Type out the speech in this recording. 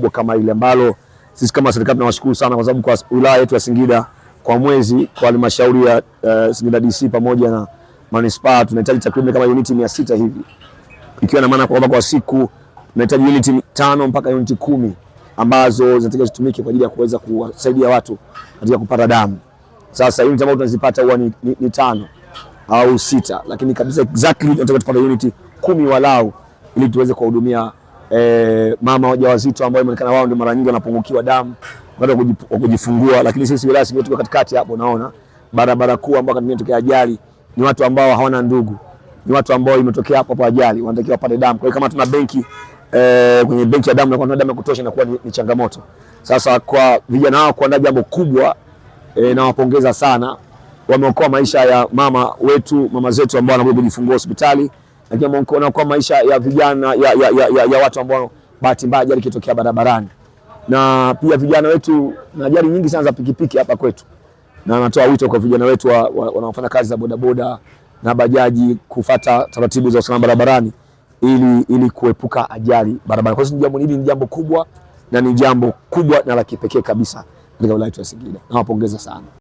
kubwa kama ile ambalo sisi kama serikali tunawashukuru sana kwa sababu kwa wilaya yetu ya Singida kwa mwezi kwa halmashauri ya uh, Singida DC pamoja na manispaa tunahitaji takriban kama uniti 600 hivi, ikiwa na maana kwamba kwa siku tunahitaji uniti tano mpaka uniti kumi ambazo zinatakiwa zitumike kwa ajili ya kuweza kuwasaidia watu katika kupata damu. Sasa uniti ambazo tunazipata huwa ni, ni, ni tano au sita, lakini kabisa exactly tunataka tupate uniti kumi walau ili tuweze kuwahudumia e, mama wajawazito ambao imeonekana wao ndio mara nyingi wanapungukiwa damu baada ya kujifungua, lakini sisi wilaya Singida tuko katikati hapo, naona barabara kuu ambao kama imetokea ajali ni watu ambao hawana ndugu, ni watu ambao imetokea hapo hapo ajali wanatakiwa wapate damu. Kwa hiyo kama tuna benki e, kwenye benki ya damu na kuna damu ya kutosha inakuwa ni, ni changamoto. Sasa kwa vijana hao kuandaa jambo kubwa e, nawapongeza sana, wameokoa maisha ya mama wetu mama zetu ambao wanakuja kujifungua hospitali. Lakini mkoona kwa maisha ya vijana ya, ya, ya, ya, ya watu ambao bahati mbaya ajali ikitokea barabarani, na pia vijana wetu na ajali nyingi sana za pikipiki hapa kwetu, na natoa wito kwa vijana wetu wanaofanya wa, wa kazi za bodaboda na bajaji kufata taratibu za usalama barabarani ili, ili kuepuka ajali barabarani. Kwa sababu jambo hili ni jambo kubwa na ni jambo kubwa na la kipekee kabisa katika wilaya ya Singida. Nawapongeza sana.